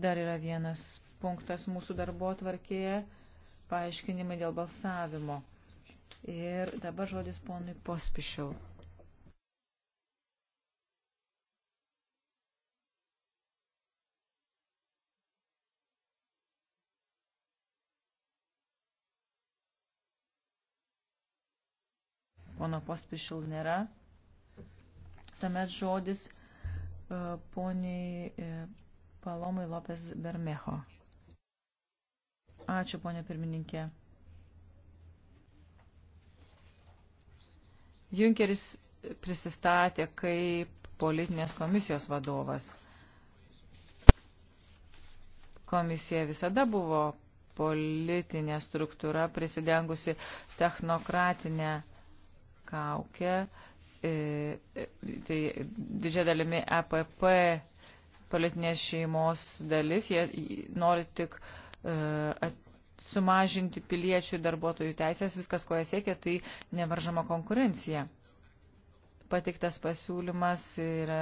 Dar yra vienas punktas mūsų darbo atvarkėje – paaiškinimai dėl balsavimo. Ir dabar žodis ponui Pospišil. Pono Pospišil nėra. Tuomet žodis e, poniai e, Palomai Lopes Bermejo. Ačiū, ponė pirmininkė. Junkeris prisistatė kaip politinės komisijos vadovas. Komisija visada buvo politinė struktūra prisidengusi technokratinę kaukę, e, e, tai didžia dalimi EPP politinės šeimos dalis, jie nori tik e, sumažinti piliečių ir darbuotojų teisės, viskas, ko jie siekia, tai nevaržama konkurencija. Pateiktas pasiūlymas yra,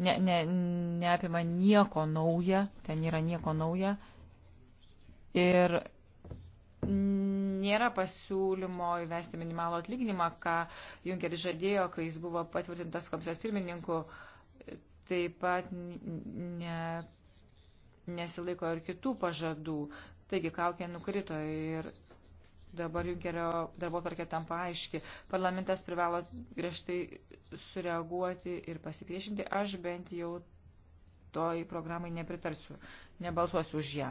ne, ne, neapima nieko nauja, ten yra nieko nauja. Ir nėra pasiūlymo įvesti minimalų atlyginimą, ką Junkeris žadėjo, kai jis buvo patvirtintas komisijos pirmininku taip pat ne, nesilaiko ir kitų pažadų. Taigi kaukė nukrito ir dabar Junkerio darbo tvarkė tampa aiški. Parlamentas privalo griežtai sureaguoti ir pasipriešinti. Aš bent jau toj programai nepritarsiu, nebalsuosiu už ją.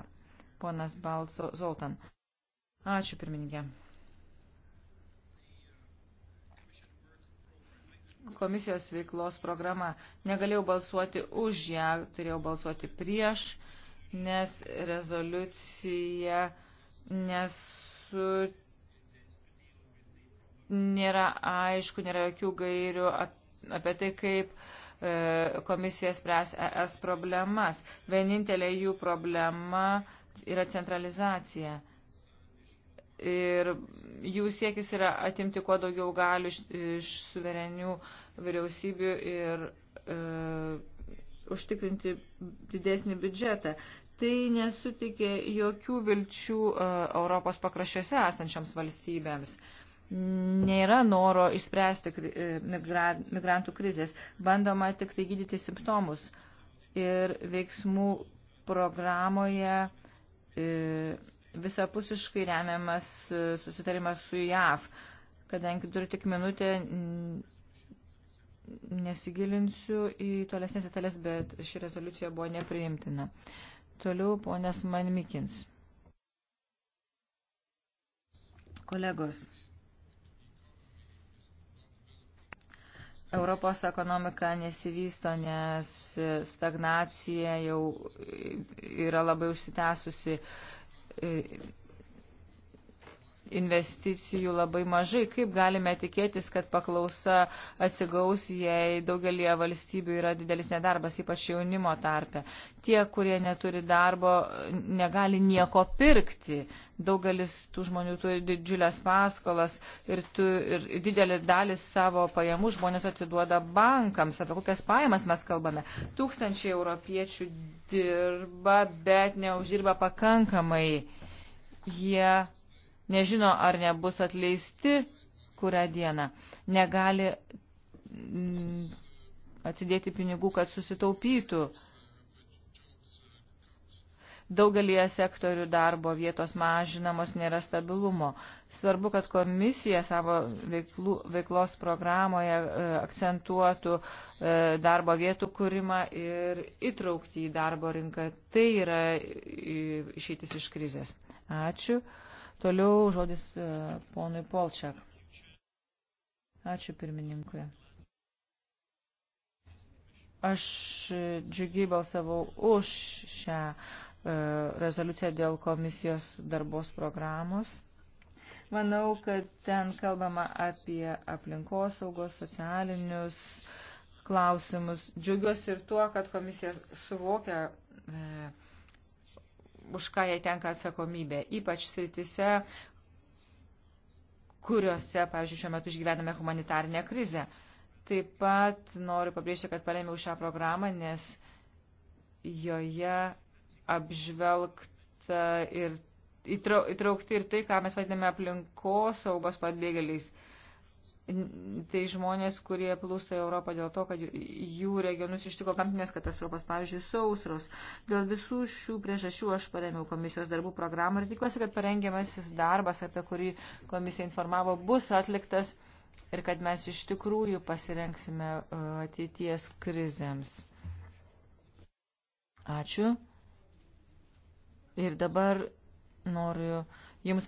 Ponas Balso Zoltan. Ačiū pirmininkė. komisijos veiklos programa. Negalėjau balsuoti už ją, turėjau balsuoti prieš, nes rezoliucija nesu, nėra aišku, nėra jokių gairių apie tai, kaip e, komisija spręs ES problemas. Vienintelė jų problema yra centralizacija ir jų siekis yra atimti kuo daugiau galių iš, iš suverenių vyriausybių ir e, užtikrinti didesnį biudžetą. Tai nesutikė jokių vilčių e, Europos pakraščiuose esančioms valstybėms. Nėra noro išspręsti kri, e, migra, migrantų krizės. Bandoma tik tai gydyti simptomus. Ir veiksmų programoje e, visapusiškai remiamas e, susitarimas su JAV. Kadangi turiu tik minutę, nesigilinsiu į tolesnės detalės, bet ši rezoliucija buvo nepriimtina. Toliau ponės Manmikins. Kolegos. Europos ekonomika nesivysto, nes stagnacija jau yra labai užsitęsusi e, investicijų labai mažai. Kaip galime tikėtis, kad paklausa atsigaus, jei daugelie valstybių yra didelis nedarbas, ypač jaunimo tarpe. Tie, kurie neturi darbo, negali nieko pirkti. Daugelis tų žmonių turi didžiulės paskolas ir, tu, ir didelį dalį savo pajamų žmonės atiduoda bankams. Apie kokias pajamas mes kalbame? Tūkstančiai europiečių dirba, bet neuždirba pakankamai. Jie nežino, ar nebus atleisti kurią dieną, negali mm, atsidėti pinigų, kad susitaupytų. Daugelie sektorių darbo vietos mažinamos nėra stabilumo. Svarbu, kad komisija savo veiklų, veiklos programoje e, akcentuotų e, darbo vietų kūrimą ir įtraukti į darbo rinką. Tai yra išeitis iš krizės. Ačiū. Toliau žodis e, ponui Polčiak. Ačiū pirmininkui. Aš džiugiai balsavau už šią e, rezoliuciją dėl komisijos darbos programos. Manau, kad ten kalbama apie aplinkosaugos, socialinius klausimus. Džiugiuosi ir tuo, kad komisija suvokia e, už ką jai tenka atsakomybė, ypač sritise, kuriuose, pavyzdžiui, šiuo metu išgyvename humanitarinę krizę. Taip pat noriu pabrėžti, kad paremiau šią programą, nes joje apžvelgta ir įtraukti ir tai, ką mes vadiname aplinkosaugos pabėgėliais. Uh, Tai žmonės, kurie plūsta į Europą dėl to, kad jų regionus ištiko gamtinės katastrofos, pavyzdžiui, sausros. Dėl visų šių priežasčių aš paremiau komisijos darbų programą ir tikiuosi, kad parengiamasis darbas, apie kurį komisija informavo, bus atliktas ir kad mes iš tikrųjų pasirenksime e, ateities krizėms. Ačiū. Ir dabar noriu Jums